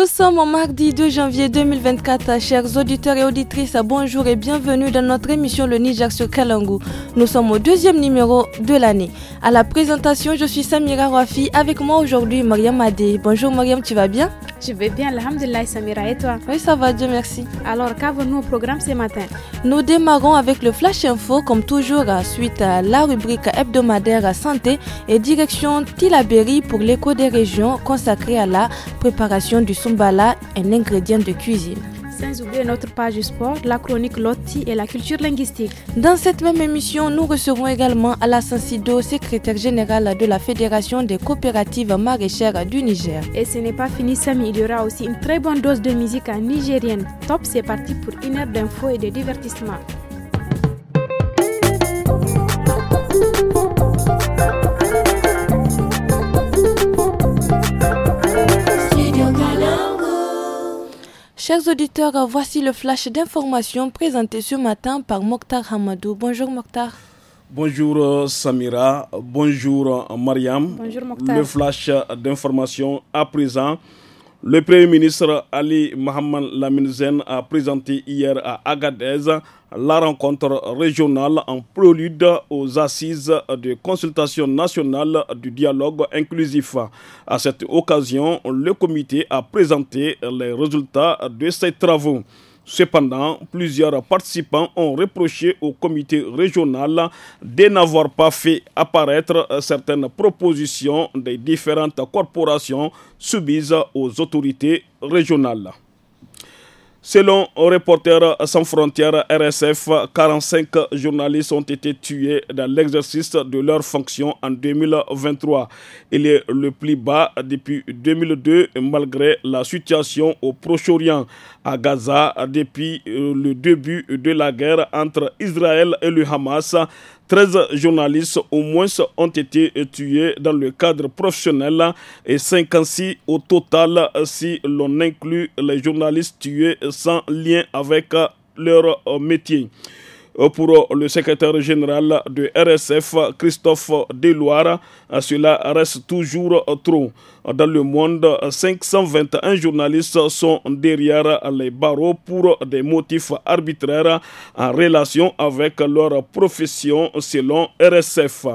Nous sommes au mardi 2 janvier 2024. Chers auditeurs et auditrices, bonjour et bienvenue dans notre émission Le Niger sur Kalangu. Nous sommes au deuxième numéro de l'année. À la présentation, je suis Samira Rafi. Avec moi aujourd'hui, Mariam Adé. Bonjour Mariam, tu vas bien Je vais bien, Alhamdulillah Samira. Et toi Oui, ça va, Dieu merci. Alors, qu'avons-nous au programme ce matin Nous démarrons avec le Flash Info, comme toujours, suite à la rubrique hebdomadaire santé et direction Tilaberi pour l'écho des régions consacrée à la préparation du sombala, un ingrédient de cuisine. Sans oublier notre page sport, la chronique Lotti et la culture linguistique. Dans cette même émission, nous recevons également Alassane Sido, secrétaire général de la Fédération des coopératives maraîchères du Niger. Et ce n'est pas fini, Samy, il y aura aussi une très bonne dose de musique nigérienne. Top, c'est parti pour une heure d'infos et de divertissement. Chers auditeurs, voici le flash d'information présenté ce matin par Mokhtar Hamadou. Bonjour Mokhtar. Bonjour euh, Samira, bonjour euh, Mariam. Bonjour Mokhtar. Le flash d'information à présent. Le Premier ministre Ali Mohamed Laminzen a présenté hier à Agadez la rencontre régionale en prélude aux assises de consultation nationale du dialogue inclusif. À cette occasion, le comité a présenté les résultats de ses travaux. Cependant, plusieurs participants ont reproché au comité régional de n'avoir pas fait apparaître euh, certaines propositions des différentes corporations subies aux autorités régionales. Selon reporter sans frontières RSF, 45 journalistes ont été tués dans l'exercice de leurs fonctions en 2023. Il est le plus bas depuis 2002 malgré la situation au Proche-Orient, à Gaza depuis le début de la guerre entre Israël et le Hamas. 13 journalistes au moins ont été tués dans le cadre professionnel et 56 au total si l'on inclut les journalistes tués sans lien avec leur métier. Euh, pour euh, le secrétaire général de RSF, Christophe Deloire, euh, cela reste toujours trop. Dans le monde, 521 journalistes sont derrière les barreaux pour des motifs arbitraires en relation avec leur profession selon RSF.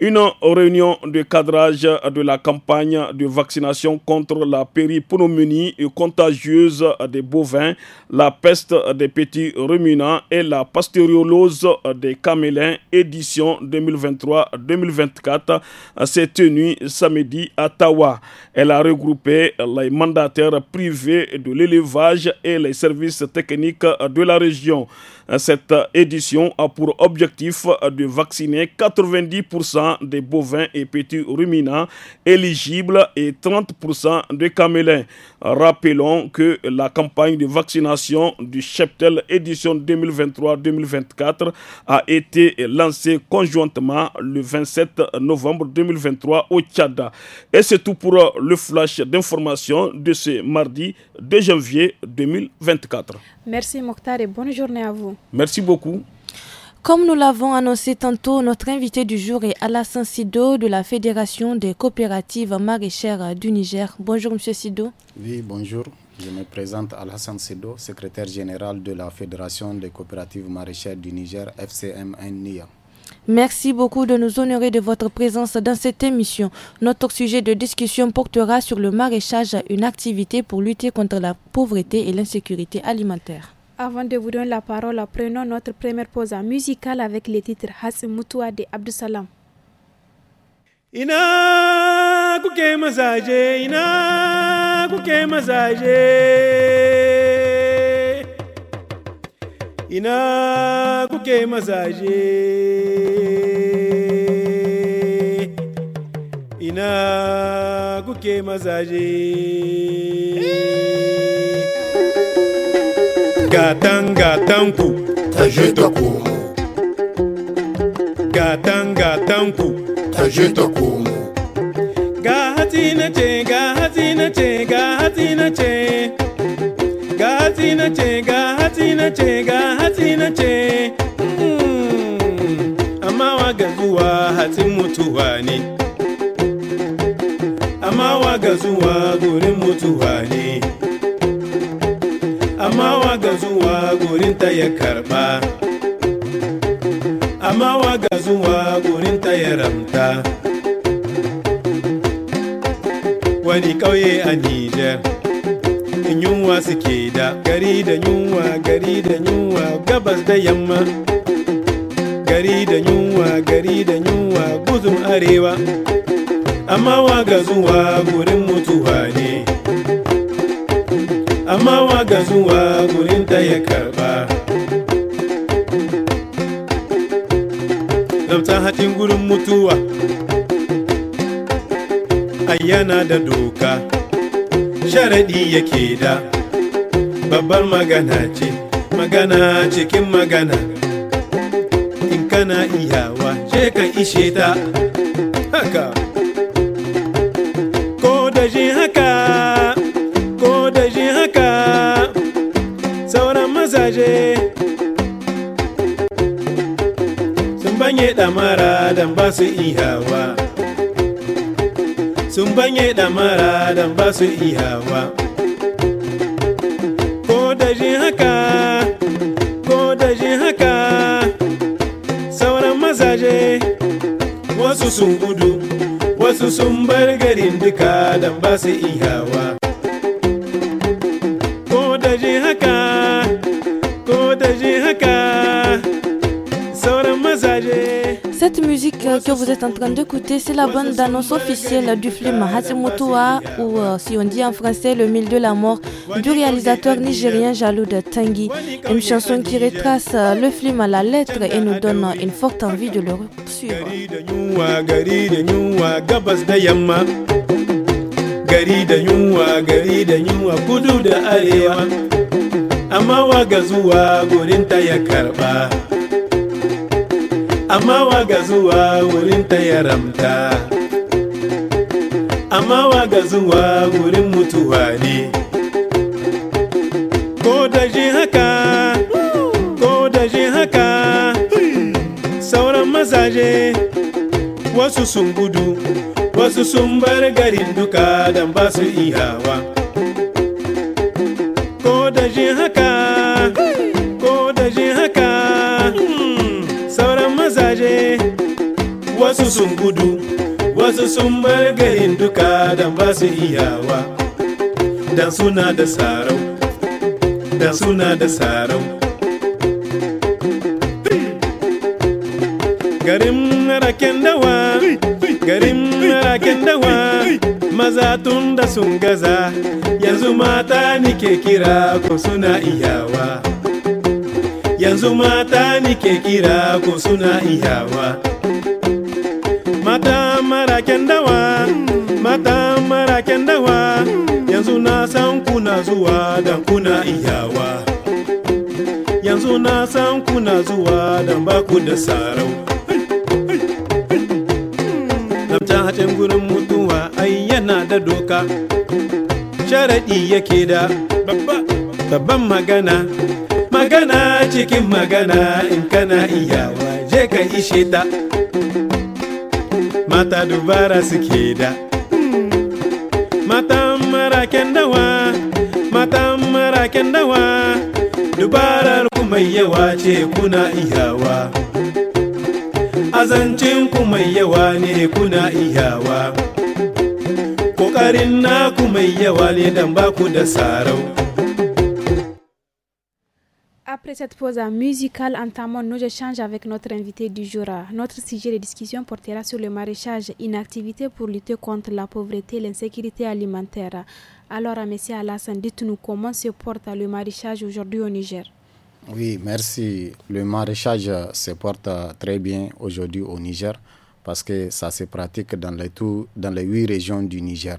Une réunion de cadrage de la campagne de vaccination contre la péripneumonie contagieuse des bovins, la peste des petits ruminants et la pasteuriolose des camélins, édition 2023-2024, s'est tenue samedi à Tawa. Elle a regroupé les mandataires privés de l'élevage et les services techniques de la région. Cette édition a pour objectif de vacciner 90% des bovins et petits ruminants éligibles et 30% des camélins. Rappelons que la campagne de vaccination du cheptel édition 2023-2024 a été lancée conjointement le 27 novembre 2023 au Tchad. Et c'est tout pour le flash d'information de ce mardi 2 janvier 2024. Merci Mokhtar et bonne journée à vous. Merci beaucoup. Comme nous l'avons annoncé tantôt, notre invité du jour est Alassane Sido de la Fédération des coopératives maraîchères du Niger. Bonjour Monsieur Sido. Oui, bonjour. Je me présente Alassane Sido, secrétaire général de la Fédération des coopératives maraîchères du Niger, FCMN NIA. Merci beaucoup de nous honorer de votre présence dans cette émission. Notre sujet de discussion portera sur le maraîchage, une activité pour lutter contre la pauvreté et l'insécurité alimentaire. Avant de vous donner la parole, prenons notre première pause musicale avec les titres Has Moutoua de Abdusalam. Ina ina kuke mazaje ina kuke mazaje gatan gatan ku ta je ta ku gatan gatan ku ta je ta ku ga hatsi gatina ce ga hatsi ce ga ce ga ce ga ce ga hatsi na ce mm-hmm. amma wa gazuwa hatsin mutuwa ne amma wa gazuwa gurin mutuwa ne amma wa gazuwa gurin ta ya karba amma wa gazuwa gurin ta ya ramta wani kauye a Nijar. yunwa suke da gari da yunwa gari da yunwa gabas da yamma gari da yunwa gari da yunwa gudun arewa amma waga zuwa gurin mutuwa ne amma waga zuwa gurin da ya karba zamta hatin gurin mutuwa ayyana da doka sharaɗi yake da babbar magana ce magana cikin magana in kana iyawa ce ka ishe ta haka ko da shi haka ko da shi haka sauran mazaje sun banye damara don ba su iyawa sun banye damara don ba su iyawa sun gudu wasu sun bar garin duka don ba su hawa. Cette musique que vous êtes en train d'écouter, c'est la bande d'annonce officielle du film Hazemotoa ou euh, si on dit en français, Le Mille de la Mort, du réalisateur nigérien jaloux de Tanguy. Une chanson qui retrace euh, le film à la lettre et nous donne une forte envie de le suivre. amma ga zuwa wurin ta yaramta amma ga zuwa wurin mutuwa ne ko da shi haka ko da shi haka sauran mazaje wasu sun gudu wasu sun bar garin duka don ba su iyawa ko da shi haka wasu sun gudu wasu sun bar garin duka dan ba su iyawa dan suna da sarau dan suna da sarau garin raken dawa garin raken dawa maza tun da sun gaza yanzu mata ke kira ko suna iyawa yanzu mata ke kira ko suna iyawa mata mara dawa mata mara dawa yanzu na san kuna zuwa dan kuna iyawa yanzu na san kuna zuwa dan ku da sarau lamta hatin gurin mutuwa ai yana da doka sharaɗi yake da babban magana magana cikin magana in kana iyawa je ka ishe ta mata dubara suke da Mata, maraken dawa matan maraken dawa dubarar ku mai yawa ce kuna iyawa azancin ku mai yawa ne kuna iyawa kokarin naku mai yawa ne dan baku da sarau Après cette pause musicale, entamons nos échanges avec notre invité du jour. Notre sujet de discussion portera sur le maraîchage, une activité pour lutter contre la pauvreté et l'insécurité alimentaire. Alors, Monsieur Alassane, dites-nous comment se porte le maraîchage aujourd'hui au Niger. Oui, merci. Le maraîchage se porte très bien aujourd'hui au Niger parce que ça se pratique dans les, tout, dans les huit régions du Niger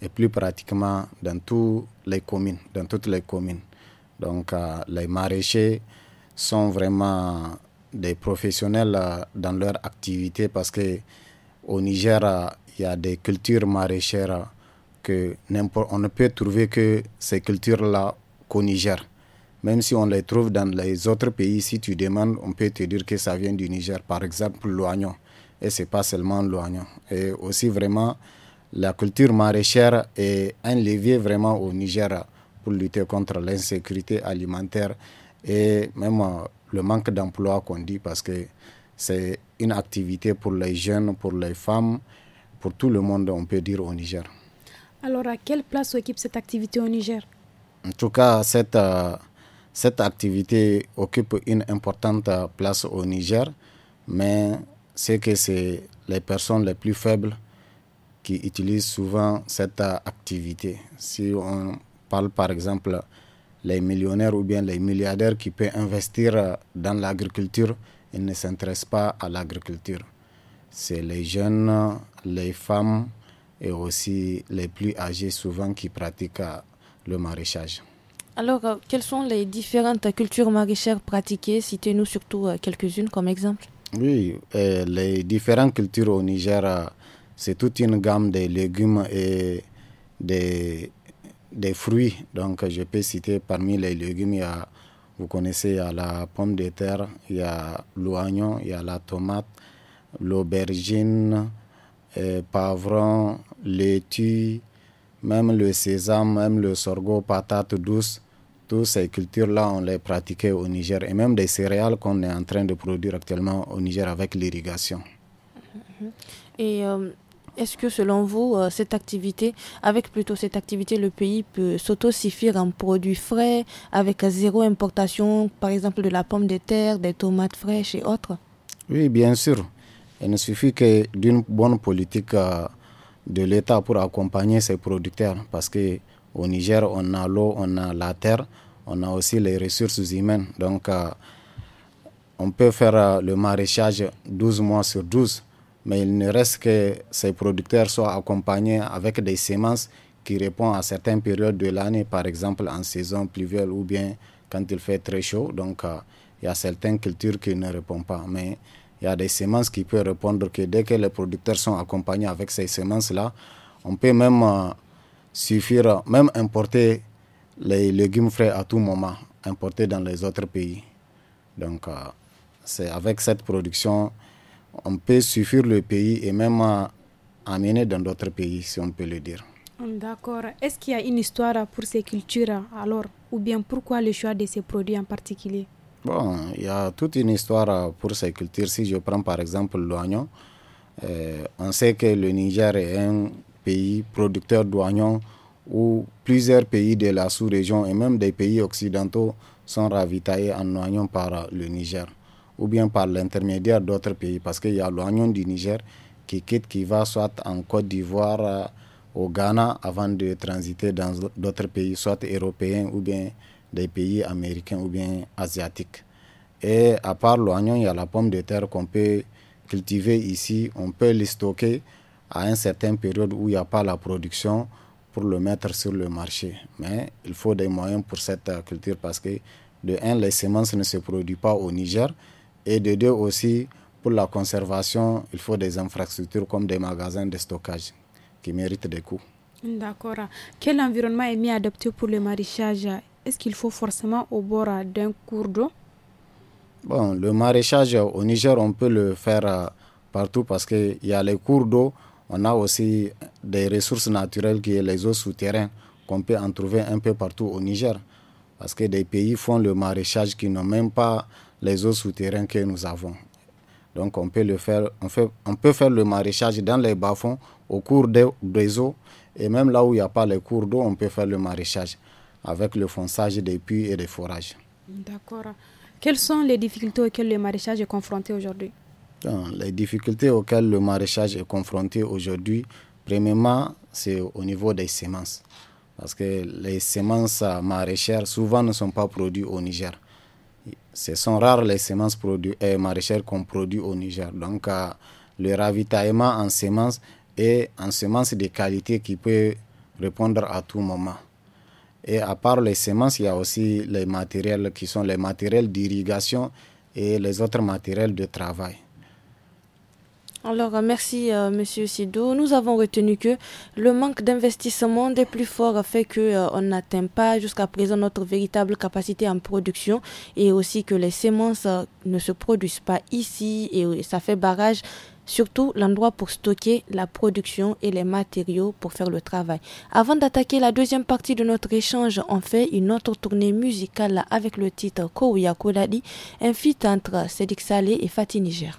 et plus pratiquement dans tous les communes, dans toutes les communes. Donc euh, les maraîchers sont vraiment des professionnels euh, dans leur activité parce que au Niger, euh, il y a des cultures maraîchères que on ne peut trouver que ces cultures-là qu'au Niger. Même si on les trouve dans les autres pays, si tu demandes, on peut te dire que ça vient du Niger. Par exemple, l'oignon. Et c'est pas seulement l'oignon. Et aussi vraiment, la culture maraîchère est un levier vraiment au Niger lutter contre l'insécurité alimentaire et même euh, le manque d'emploi qu'on dit parce que c'est une activité pour les jeunes, pour les femmes, pour tout le monde, on peut dire au Niger. Alors, à quelle place occupe cette activité au Niger En tout cas, cette, euh, cette activité occupe une importante euh, place au Niger, mais c'est que c'est les personnes les plus faibles qui utilisent souvent cette activité. Si on parle par exemple les millionnaires ou bien les milliardaires qui peuvent investir dans l'agriculture, ils ne s'intéressent pas à l'agriculture. C'est les jeunes, les femmes et aussi les plus âgés souvent qui pratiquent le maraîchage. Alors, euh, quelles sont les différentes cultures maraîchères pratiquées Citez-nous surtout euh, quelques-unes comme exemple. Oui, euh, les différentes cultures au Niger, c'est toute une gamme de légumes et des des fruits. Donc, je peux citer parmi les légumes, il y a, vous connaissez, il y a la pomme de terre, il y a l'oignon, il y a la tomate, l'aubergine, euh, pavron, laitue, même le sésame, même le sorgho, patate douce. Toutes ces cultures-là, on les pratiquait au Niger et même des céréales qu'on est en train de produire actuellement au Niger avec l'irrigation. Et euh, est-ce que selon vous, euh, cette activité, avec plutôt cette activité, le pays peut s'autosuffire en produits frais, avec zéro importation, par exemple de la pomme de terre, des tomates fraîches et autres Oui, bien sûr. Il ne suffit que d'une bonne politique euh, de l'État pour accompagner ses producteurs, parce que au Niger, on a l'eau, on a la terre, on a aussi les ressources humaines. Donc, euh, on peut faire le maraîchage 12 mois sur 12 mais il ne reste que ces producteurs soient accompagnés avec des semences qui répondent à certaines périodes de l'année, par exemple en saison pluviale ou bien quand il fait très chaud. Donc, euh, il y a certaines cultures qui ne répondent pas. Mais il y a des semences qui peuvent répondre que dès que les producteurs sont accompagnés avec ces semences-là, on peut même euh, même importer les légumes frais à tout moment, importer dans les autres pays. Donc, euh, c'est avec cette production on peut suffire le pays et même amener dans d'autres pays, si on peut le dire. D'accord. Est-ce qu'il y a une histoire pour ces cultures alors Ou bien pourquoi le choix de ces produits en particulier Bon, il y a toute une histoire pour ces cultures. Si je prends par exemple l'oignon, euh, on sait que le Niger est un pays producteur d'oignons où plusieurs pays de la sous-région et même des pays occidentaux sont ravitaillés en oignons par le Niger ou bien par l'intermédiaire d'autres pays, parce qu'il y a l'oignon du Niger qui quitte, qui va soit en Côte d'Ivoire, euh, au Ghana, avant de transiter dans d'autres pays, soit européens ou bien des pays américains ou bien asiatiques. Et à part l'oignon, il y a la pomme de terre qu'on peut cultiver ici. On peut les stocker à un certaine période où il n'y a pas la production pour le mettre sur le marché. Mais il faut des moyens pour cette euh, culture parce que, de un, les semences ne se produisent pas au Niger. Et de deux aussi, pour la conservation, il faut des infrastructures comme des magasins de stockage qui méritent des coûts. D'accord. Quel environnement est mieux adapté pour le maraîchage Est-ce qu'il faut forcément au bord d'un cours d'eau Bon, le maraîchage au Niger, on peut le faire euh, partout parce qu'il y a les cours d'eau, on a aussi des ressources naturelles qui sont les eaux souterraines qu'on peut en trouver un peu partout au Niger. Parce que des pays font le maraîchage qui n'ont même pas les eaux souterraines que nous avons. Donc on peut, le faire, on, fait, on peut faire le maraîchage dans les bas-fonds au cours des, des, eaux. Et même là où il n'y a pas les cours d'eau, on peut faire le maraîchage avec le fonçage des puits et des forages. D'accord. Quelles sont les difficultés auxquelles le maraîchage est confronté aujourd'hui Les difficultés auxquelles le maraîchage est confronté aujourd'hui, premièrement, c'est au niveau des semences. Parce que les semences maraîchères, souvent, ne sont pas produites au Niger ce sont rares les semences et euh, maraîchères qu'on produit au Niger. Donc, euh, le ravitaillement en semences est en semences de qualité qui peut répondre à tout moment. Et à part les semences, il y a aussi les matériels qui sont les matériels d'irrigation et les autres matériels de travail. Alors, euh, merci, euh, Monsieur Sido. Nous avons retenu que le manque d'investissement des plus forts fait que euh, n'atteint pas jusqu'à présent notre véritable capacité en production et aussi que les semences ne se produisent pas ici et ça fait barrage surtout l'endroit pour stocker la production et les matériaux pour faire le travail. Avant d'attaquer la deuxième partie de notre échange, on fait une autre tournée musicale avec le titre Kouya Koladi, un feat entre Sedik Saleh et Fatih Niger.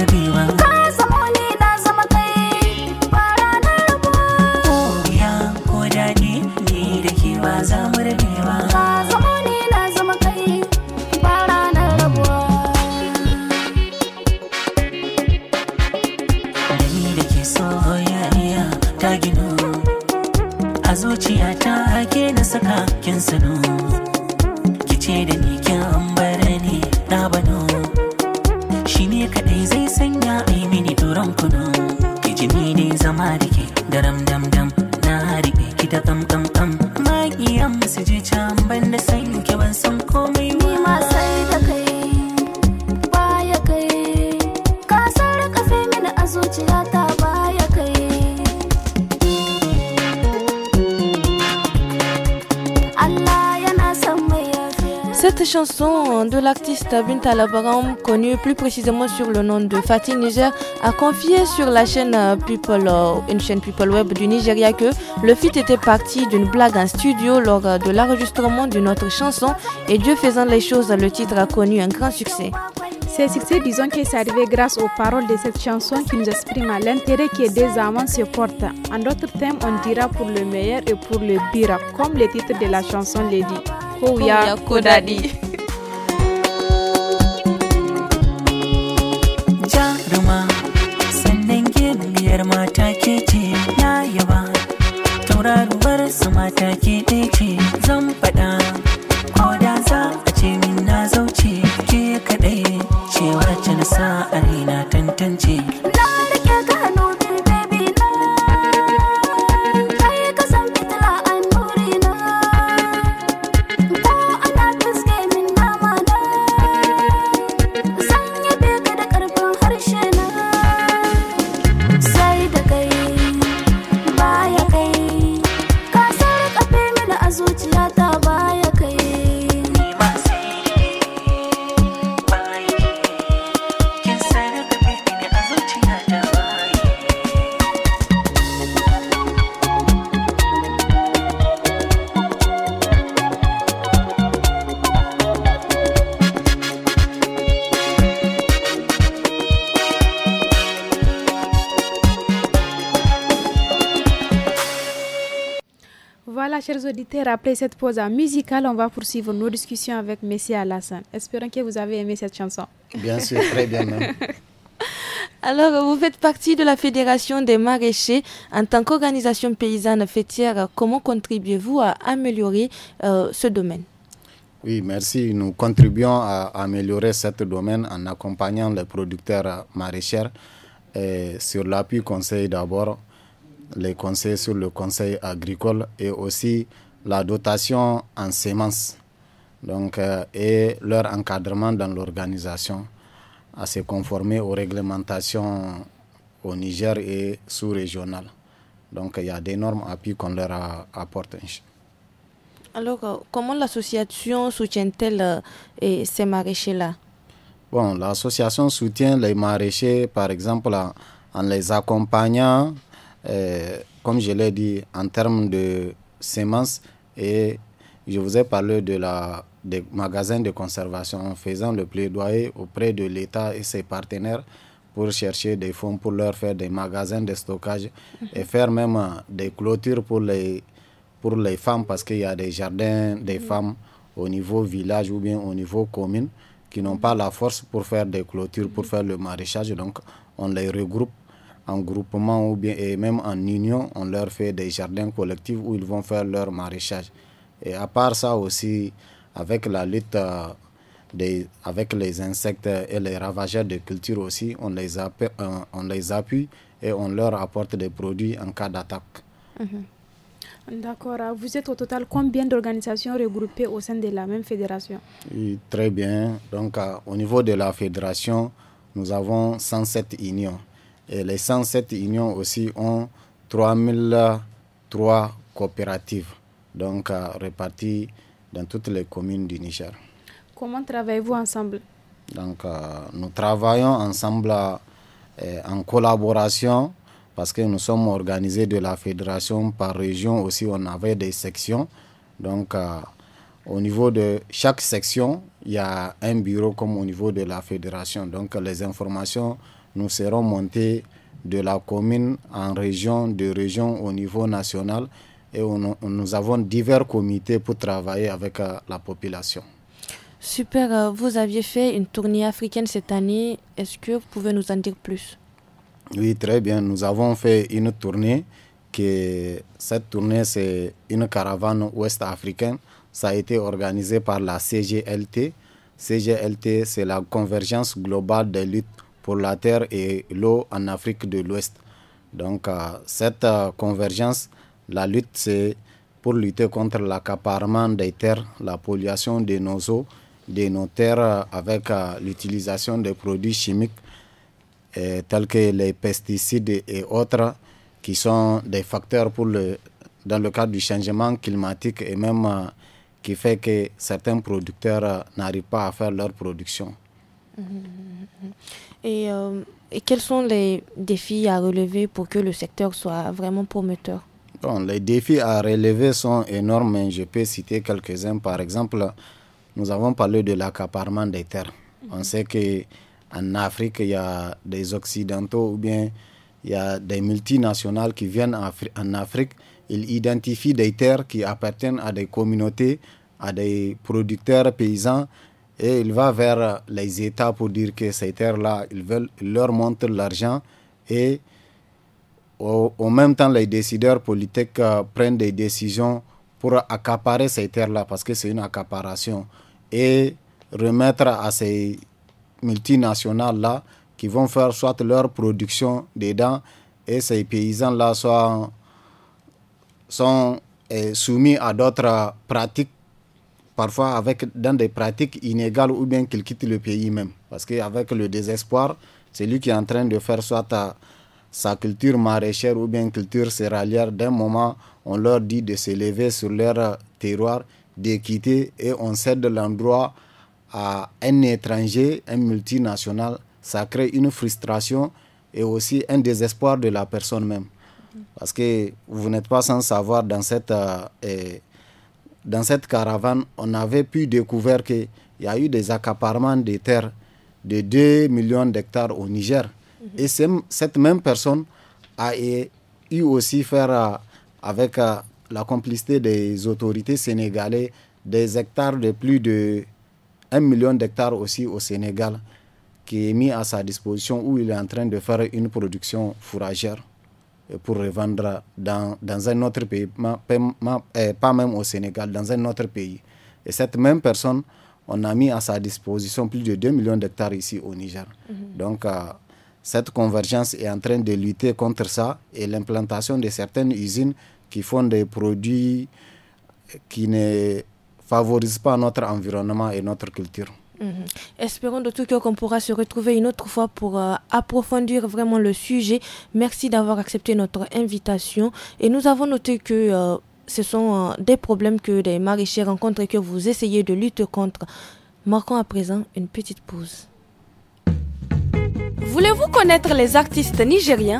kin sanu kice da ni kin ambare ni na bano shi ne kadai zai sanya yi mini duran kunu ki ji ni ne zama da ke daram dam dam na riƙe ki da kam kam kam magiyan masu je can ban da san ki ban san komai Cette chanson de l'artiste Abin Labaram, connue plus précisément sur le nom de Fatih Niger, a confié sur la chaîne People, euh, une chaîne People Web du Nigeria que le feat était parti d'une blague en studio lors de l'enregistrement d'une autre chanson et Dieu faisant les choses, le titre a connu un grand succès. Ces succès, disons que c'est arrivé grâce aux paroles de cette chanson qui nous exprime l'intérêt que des amants se portent. En d'autres termes, on dira pour le meilleur et pour le pire, comme le titre de la chanson le dit. ko wuya ko daɗi. Jaruma sannan giliyar mata ke ce na yaba tauraruwar su mata ke Voilà, chers auditeurs, après cette pause musicale, on va poursuivre nos discussions avec Messie Alassane. Espérons que vous avez aimé cette chanson. Bien sûr, très bien Alors, vous faites partie de la Fédération des maraîchers. En tant qu'organisation paysanne fêtière, comment contribuez-vous à améliorer euh, ce domaine Oui, merci. Nous contribuons à améliorer ce domaine en accompagnant les producteurs maraîchers et sur l'appui conseil d'abord les conseils sur le conseil agricole et aussi la dotation en semences donc, euh, et leur encadrement dans l'organisation à se conformer aux réglementations au Niger et sous-régional. Donc il y a d'énormes appuis qu'on leur apporte. Alors, euh, comment l'association soutient-elle euh, ces maraîchers-là Bon, l'association soutient les maraîchers, par exemple, en les accompagnant euh, comme je l'ai dit, en termes de semences, et je vous ai parlé de la, des magasins de conservation en faisant le plaidoyer auprès de l'État et ses partenaires pour chercher des fonds pour leur faire des magasins de stockage et faire même des clôtures pour les, pour les femmes parce qu'il y a des jardins des femmes au niveau village ou bien au niveau commune qui n'ont pas la force pour faire des clôtures, pour faire le maraîchage. Donc, on les regroupe en groupement ou bien et même en union, on leur fait des jardins collectifs où ils vont faire leur maraîchage. Et à part ça aussi, avec la lutte euh, des, avec les insectes et les ravageurs de culture aussi, on les, appuie, euh, on les appuie et on leur apporte des produits en cas d'attaque. Mhm. D'accord. Vous êtes au total combien d'organisations regroupées au sein de la même fédération Très bien. Donc, euh, au niveau de la fédération, nous avons 107 unions. Et les 107 unions aussi ont 3003 coopératives, donc euh, réparties dans toutes les communes du Niger. Comment travaillez-vous ensemble Donc, euh, nous travaillons ensemble euh, en collaboration parce que nous sommes organisés de la fédération par région aussi, on avait des sections. Donc, au niveau de chaque section, il y a un bureau comme au niveau de la fédération. Donc, les informations nous serons montés de la commune en région, de région au niveau national et nous avons divers comités pour travailler avec euh, la population. Super, euh, vous aviez fait une tournée africaine cette année. Est-ce que vous pouvez nous en dire plus Oui, très bien. Nous avons fait une tournée. Que cette tournée, c'est une caravane ouest-africaine. Ça a été organisé par la CGLT. CGLT, c'est la convergence globale des luttes pour la terre et l'eau en Afrique de l'Ouest. Donc euh, cette euh, convergence, la lutte, c'est pour lutter contre l'accaparement des terres, la pollution de nos eaux, de nos terres euh, avec l'utilisation des produits chimiques tels que les pesticides et autres qui sont des facteurs pour le, dans le cadre du changement climatique et même qui fait que certains producteurs n'arrivent pas à faire leur production. Mmh, mmh, mmh, euh, et, quels sont les défis à relever pour que le secteur soit vraiment prometteur Bon, les défis à relever sont énormes, mais hein. je peux citer quelques-uns. Par exemple, nous avons parlé de l'accaparement des terres. Mhm. On sait qu'en Afrique, il y a des Occidentaux ou bien il y a des multinationales qui viennent en Afrique. Ils identifient des terres qui appartiennent à des communautés, à des producteurs paysans et il va vers les États pour dire que ces terres-là, ils veulent, leur montrer l'argent et en même temps, les décideurs politiques euh, prennent des décisions pour accaparer ces terres-là parce que c'est une accaparation et remettre à ces multinationales-là qui vont faire soit leur production dedans et ces paysans-là sont eh, soumis à d'autres pratiques parfois avec, dans des pratiques inégales ou bien qu'il quitte le pays même. Parce qu'avec le désespoir, c'est lui qui est en train de faire soit sa culture maraîchère ou bien culture céréalière. D'un moment, on leur dit de se lever sur leur terroir, de quitter et on cède l'endroit à un étranger, un multinational. Ça crée une frustration et aussi un désespoir de la personne même. Parce que vous n'êtes pas sans savoir dans cette euh, dans cette caravane, on avait pu découvrir qu'il y a eu des accaparements de terres de 2 millions d'hectares au Niger. Et cette même personne a eu aussi faire euh, avec euh, la complicité des autorités sénégalaises des hectares de plus de 1 million d'hectares aussi au Sénégal qui est mis à sa disposition où il est en train de faire une production fourragère. Euh, pour revendre dans, dans un autre pays, eh, pas même au Sénégal, dans un autre pays. Et cette même personne, on a mis à sa disposition plus de 2 millions d'hectares ici au Niger. Mhm. Donc, euh, cette convergence est en train de lutter contre ça et l'implantation de certaines usines qui font des produits qui ne favorisent pas notre environnement et notre culture. Mhm. Espérons de tout cœur qu'on pourra se retrouver une autre fois pour euh, approfondir vraiment le sujet. Merci d'avoir accepté notre invitation et nous avons noté que euh, ce sont euh, des problèmes que des maraîchers rencontrent et que vous essayez de lutter contre. Marquons à présent une petite pause. Voulez-vous connaître les artistes nigériens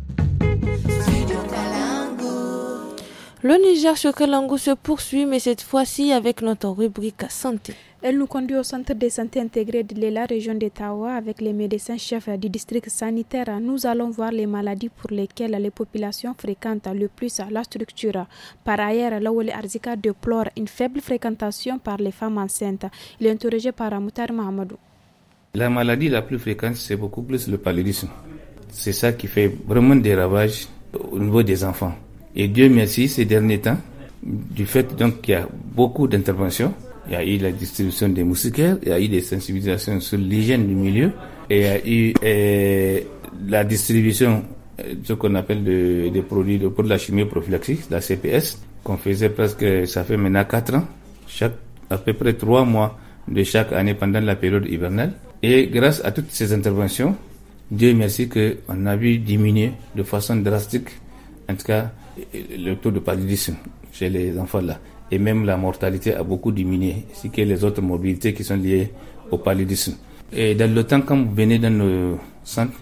Le Niger sur se poursuit, mais cette fois-ci avec notre rubrique santé. Elle nous conduit au centre de santé intégré de la région d'Etawa, avec les médecins chefs du district sanitaire. Nous allons voir les maladies pour lesquelles les populations fréquentent le plus la structure. Par ailleurs, les Arzika déplore une faible fréquentation par les femmes enceintes. Il est interrogé par Amoutar Mahamadou. La maladie la plus fréquente, c'est beaucoup plus le paludisme. C'est ça qui fait vraiment des ravages au niveau des enfants. Et Dieu merci, ces derniers temps, du fait donc qu'il y a beaucoup d'interventions, il y a eu la distribution des moustiquaires, il y a eu des sensibilisations sur l'hygiène du milieu, et il y a eu eh, la distribution eh, ce qu'on appelle des produits de, pour la chimie prophylaxie, la CPS, qu'on faisait presque, ça fait maintenant 4 ans, chaque, à peu près 3 mois de chaque année pendant la période hivernale. Et grâce à toutes ces interventions, Dieu merci qu'on a vu diminuer de façon drastique en tout cas, le taux de paludisme chez les enfants là, et même la mortalité a beaucoup diminué, ainsi que les autres mobilités qui sont liées au paludisme. Et dans le temps, quand vous venez dans nos centres,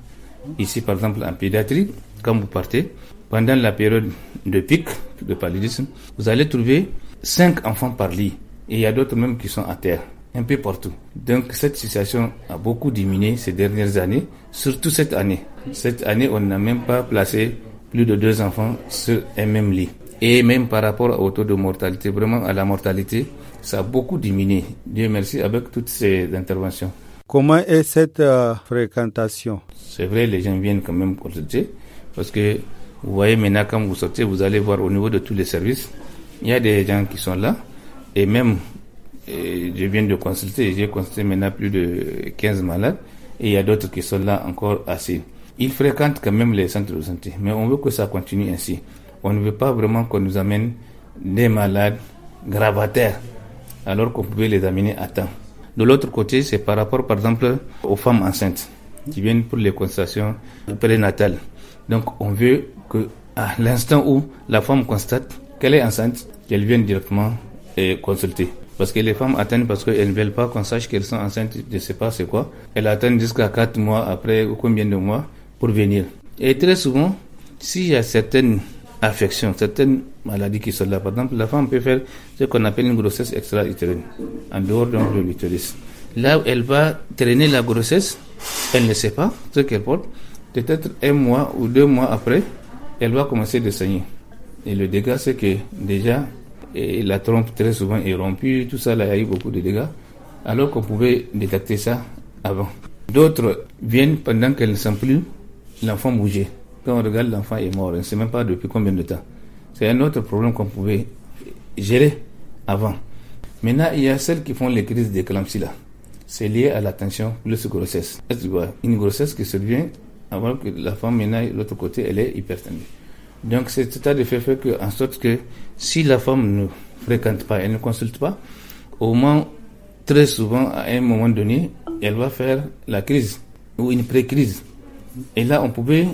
ici par exemple en pédiatrie, quand vous partez, pendant la période de pic de paludisme, vous allez trouver cinq enfants par lit. Et il y a d'autres même qui sont à terre, un peu partout. Donc cette situation a beaucoup diminué ces dernières années, surtout cette année. Cette année, on n'a même pas placé plus de deux enfants sur un même lit. Et même par rapport au taux de mortalité, vraiment à la mortalité, ça a beaucoup diminué. Dieu merci avec toutes ces interventions. Comment est cette euh, fréquentation C'est vrai, les gens viennent quand même consulter parce que vous voyez maintenant quand vous sortez, vous allez voir au niveau de tous les services, il y a des gens qui sont là et même je viens de consulter, j'ai consulté maintenant plus de 15 malades et il y a d'autres qui sont là encore assis. Ils fréquentent quand même les centres de santé, mais on veut que ça continue ainsi. On ne veut pas vraiment qu'on nous amène des malades gravataires, alors qu'on pouvait les amener à temps. De l'autre côté, c'est par rapport, par exemple, aux femmes enceintes qui viennent pour les consultations prénatales. Donc, on veut que, à l'instant où la femme constate qu'elle est enceinte, qu'elle vienne directement et consulter. Parce que les femmes attendent parce qu'elles ne veulent pas qu'on sache qu'elles sont enceintes, je ne sais pas c'est quoi. Elles attendent jusqu'à 4 mois après ou combien de mois pour venir. Et très souvent, s'il y a certaines affections, certaines maladies qui sont là, par exemple, la femme peut faire ce qu'on appelle une grossesse extra-utérine, en dehors de l'utérus. Là où elle va traîner la grossesse, elle ne sait pas ce qu'elle porte. Peut-être un mois ou deux mois après, elle va commencer de saigner. Et le dégât, c'est que déjà, la trompe très souvent est rompue, tout ça, là, il y a eu beaucoup de dégâts, alors qu'on pouvait détecter ça avant. D'autres viennent pendant qu'elles ne sont plus l'enfant bougeait. Quand on regarde, l'enfant est mort. On ne sait même pas depuis combien de temps. C'est un autre problème qu'on pouvait gérer avant. Maintenant, il y a celles qui font les crises d'éclampsie là. C'est lié à la tension plus grossesse. Une grossesse qui se vient avant que la femme maintenant, l'autre côté, elle est hypertendue. Donc, c'est état de fait fait que, en sorte que si la femme ne fréquente pas, elle ne consulte pas, au moins, très souvent, à un moment donné, elle va faire la crise ou une pré-crise. Et là, on pouvait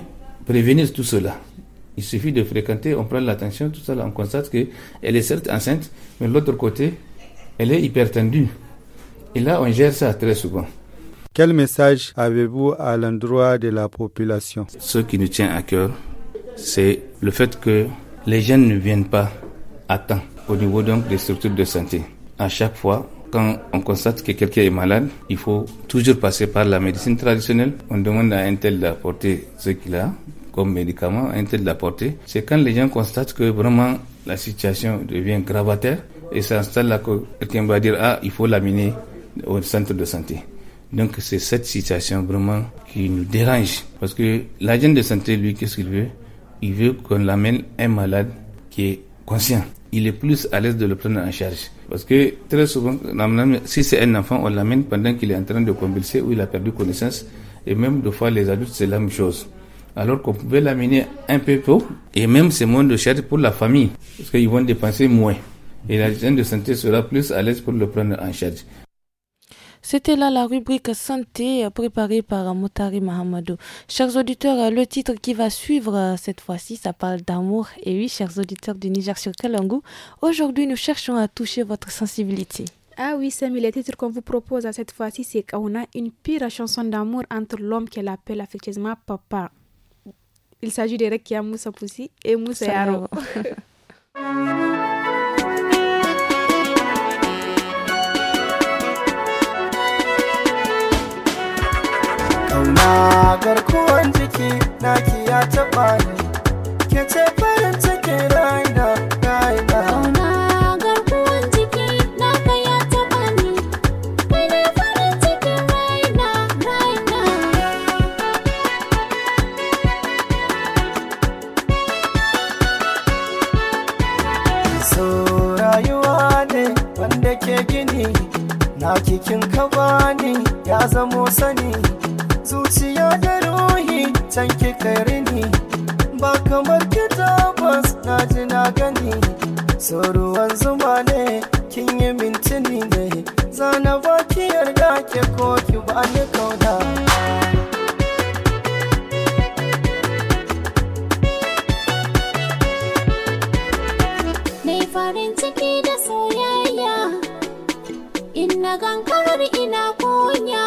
prévenir tout cela. Il suffit de fréquenter, on prend l'attention, tout cela, on constate qu'elle est certes enceinte, mais l'autre côté, elle est hypertendue. Et là, on gère ça très souvent. Quel message avez-vous à l'endroit de la population Ce qui nous tient à cœur, c'est le fait que les jeunes ne viennent pas à temps au niveau donc des structures de santé. À chaque fois, quand on constate que quelqu'un est malade, il faut toujours passer par la médecine traditionnelle. On demande à un tel d'apporter ce qu'il a comme médicament, un tel d'apporter. C'est quand les gens constatent que vraiment la situation devient gravataire et s'installe là que quelqu'un va dire ah il faut l'amener au centre de santé. Donc c'est cette situation vraiment qui nous dérange parce que l'agent de santé lui qu'est-ce qu'il veut Il veut qu'on l'amène un malade qui est conscient. Il est plus à l'aise de le prendre en charge. Parce que très souvent, si c'est un enfant, on l'amène pendant qu'il est en train de convulser ou il a perdu connaissance. Et même des fois, les adultes, c'est la même chose. Alors qu'on pouvait l'amener un peu tôt. Et même, c'est moins de charge pour la famille. Parce qu'ils vont dépenser moins. Et la l'agent de santé sera plus à l'aise pour le prendre en charge. C'était là la rubrique santé euh, préparée par euh, Motari Mahamadou. Chers auditeurs, euh, le titre qui va suivre cette fois-ci, ça parle d'amour. Et oui, chers auditeurs du Niger sur Kalangu, aujourd'hui nous cherchons à toucher votre sensibilité. Ah oui, Samy, le titre qu'on vous propose à cette fois-ci, c'est a une pire chanson d'amour entre l'homme qu'elle appelle affectueusement papa. Il s'agit de Rekia Moussa Poussi et Moussa Yaro. kauna kuwan jiki naki ya taɓa ni ke ce farin ciki raina raina kauna kuwan jiki naka ya taɓa ni kai ne farin ciki raina raina so rayuwa ne wanda ke gini na kikin ka ni ya zamo sani zuciya da ruhi can kika rini ba kamar ki tabbas na ji na gani so zuma ne kin yi mintini ne zana ba ki yarda ke ko ki ba ni kauda farin ciki da soyayya ina gankarar ina kunya.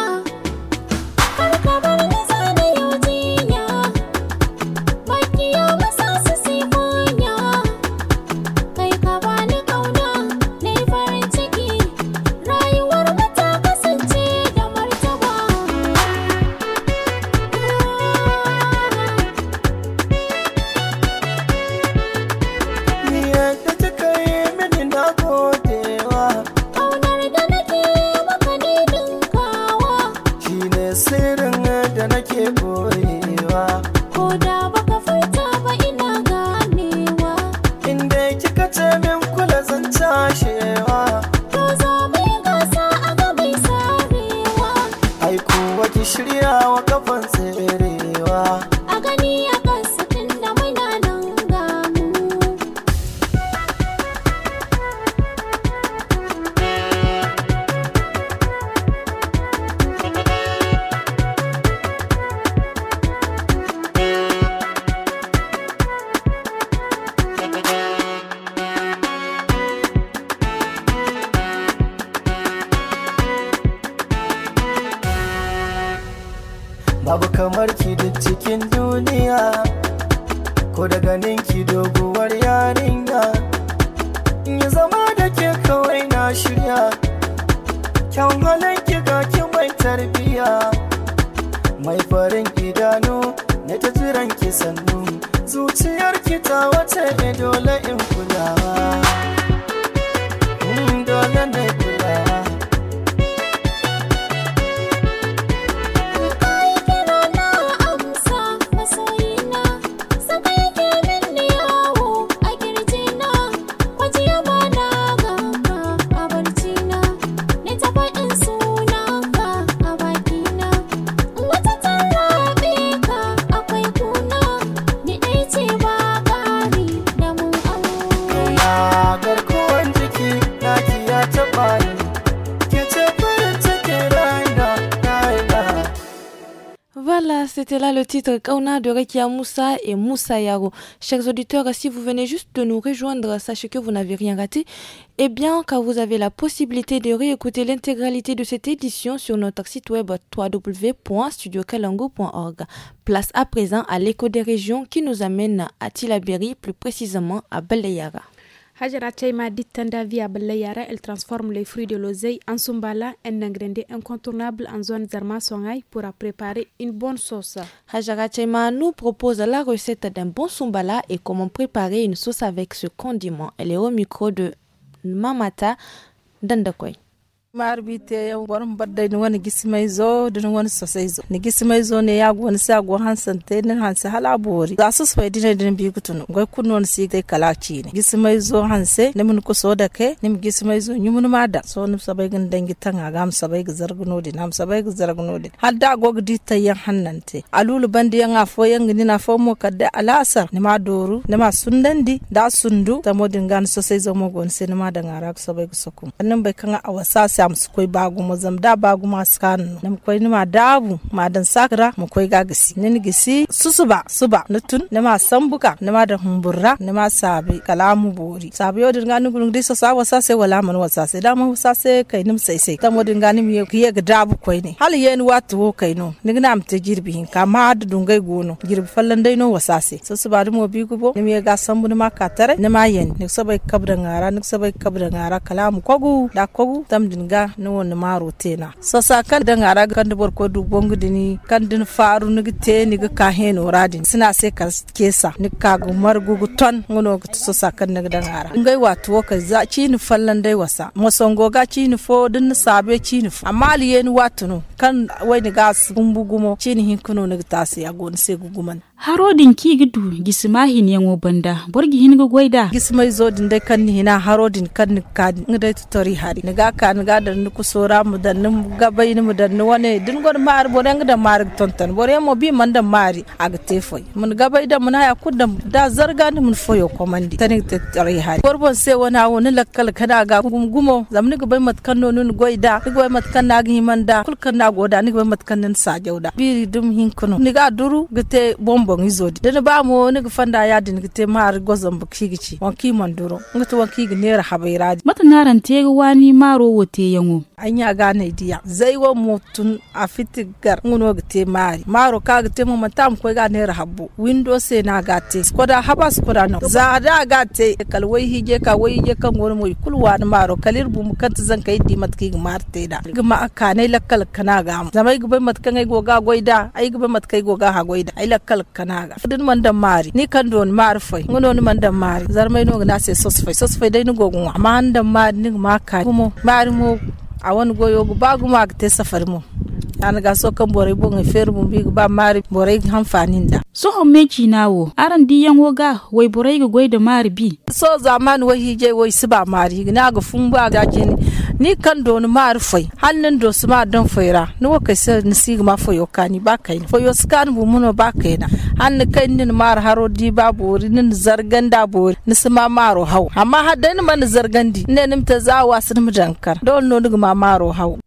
de Rekia Moussa et Moussa Yaro. Chers auditeurs, si vous venez juste de nous rejoindre, sachez que vous n'avez rien raté. Eh bien, car vous avez la possibilité de réécouter l'intégralité de cette édition sur notre site web www.studiocalango.org. Place à présent à l'écho des régions qui nous amène à Tilaberi, plus précisément à Baleyara. Hajara dit tenda via Balayara, elle transforme les fruits de l'oseille en sumbala, un ingrédient incontournable en zone Zarma Songhay pour préparer une bonne sauce. Hajara nous propose la recette d'un bon sombala et comment préparer une sauce avec ce condiment. Elle est au micro de Mamata Dandakoy. bi te yau. gwarin badda ni wani gisimai zo da wani sosai zo ni gisimai zo ne ya gwani sa go hansan te ni hansa hala bori za su sai dinai din bi kutun gwai kunu wani si dai kalaci ne gisimai zo hanse ni mun ko so da ke ni gisimai zo ni mun ma da so ni sabai gin dangi tan ga gam sabai gi zarguno din ham sabai gi zarguno din har da go gidi ta yan hannan te alulu bandi yan afo yan ni na fo mo kadda alasar ni ma doru ni ma sundandi da sundu ta modin gan sosai zo mo gon se ni ma da ngara sabai gi sokum annan bai kan a wasa muskoi bagu zam da bagu masu kanu na ni ma dabu madan sakra mukoi ga gisi ni gisi su suba na tun na ma sambuka na ma da humburra na ma sabi kalamu bori sabi yodin ga nugun disa sawa sase wala man wasa sai da mu sase kai nim sai sai tam wodin ga ni ye kiye ga dabu koi ne hal yen watu wo kai no ni gna am te jirbi hin ka ma da dungai gono jirbi fallan dai no wasa sai susuba mo bi gubo ni mi ga sambu ni ma katare ni ma yen ni sabai kabran ara ni sabai kabran ara kalamu kogu da kogu tam din ga ni wani maro tena sasa kan dan ara kan da barko du bongu dini kan din faru ni te ni ga ka he no radin sina se ka kesa ni ka gu mar gu ton ngono ga sasa kan ni dan ara ngai wato ka za ci ni fallan dai wasa masongo ga ci ni fo din ni sabe ci ni fo amma liye ni wa tunu kan wai ni ga su gumbu gumo ci ni hin kuno ni ga se ya gon se gu guman harodin kigidu gisima hiniyan wo banda borgi ga goida gisima din dai kan ni hina harodin kan ni ka ni dai tutori hari ni ga ka ni ga da ni kusora mu da ni ga bai ni mu da ni wane din gor mar bore da mar tonton bore mo bi man da mari a te tefoi mun ga bai da mun haya kudda da zarga ni mun foyo komandi tani tutori hari gorbon sai wana wani lakkal kana ga gumo zamni ga bai mat kan no nun goida ni ga mat kan na ga man da kulkan na goda ni ga mat kan nan sajauda bi dum hin kunu ni ga duru gite bombo bon izodi dana ba mo ni fanda ya din te mar gozon bukigi wanki manduro ngati wanki ga nera habairadi mata naran te wani maro wote yango an ya gane diya zai wa mutum a fitigar nguno te mari maro ka te mu tam ko ga ne rahabu window se na gate skoda haba skoda no za da gate kal wai hije ka wai je kan ngono mu kulwa na maro kalir bu mu kan zan kai di matki marte da gma aka ne lakkal kana ga zamai gbe matkan ai goga goida ai gbe matkai goga ha goida ai lakkal kana ga din man da mari ni kan don marfai nuno ni man da mari mai no na se sosfai sosfai dai ni gogun amma an da mari ni ma ka kuma mari mu a wani goyo ba guma ga te safar mu yana ga so kan borai bon ga e fer mu bi ba mari borai hanfanin da so hon meki nawo aran di yan woga wai borai ga goyi da mari bi so zaman wai hije wai su ba mari na ga fun ba ga ni. ni kan do ni maar foi do sma don Feira, ni wo kai se ni sig ma foyo kani ba kai foyo skan bu mun ba kai na han ni haro di ba ni zargan da ni sma maro hau amma hadan man zargan di ne nim ta wa sin mu don no ni ma maro hau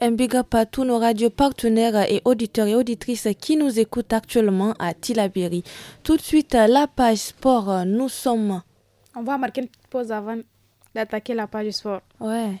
Un big up à tous nos radios partenaires et auditeurs et auditrices qui nous écoutent actuellement à Tilaberi. Tout de suite, la page sport, nous sommes... On va marquer une pause avant d'attaquer la page sport. Ouais.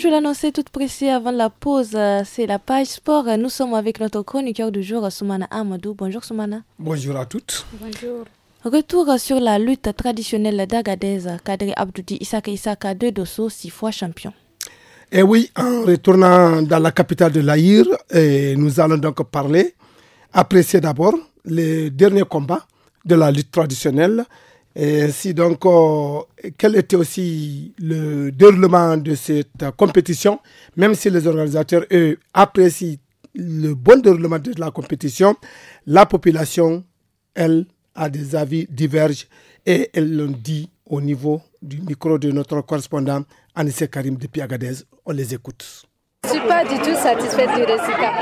je l'annonçais toute pressée avant la pause, euh, c'est la page sport. Nous sommes avec notre chroniqueur du jour, Soumana Amadou. Bonjour Soumana. Bonjour à toutes. Bonjour. Retour sur la lutte traditionnelle d'Agadez, Kadri Abdoudi Isaka Issaka, deux Dosso, six fois champion. Et eh oui, en retournant dans la capitale de l'Aïr, eh, nous allons donc parler, apprécier d'abord les derniers combats de la lutte traditionnelle et ainsi, donc, euh, quel était aussi le déroulement de cette compétition, même si les organisateurs, eux, apprécient le bon déroulement de la compétition, la population, elle, a des avis divergents et elle l'ont dit au niveau du micro de notre correspondant, Anissé Karim de Piagadez. On les écoute. Je ne suis pas du tout satisfaite du résultat.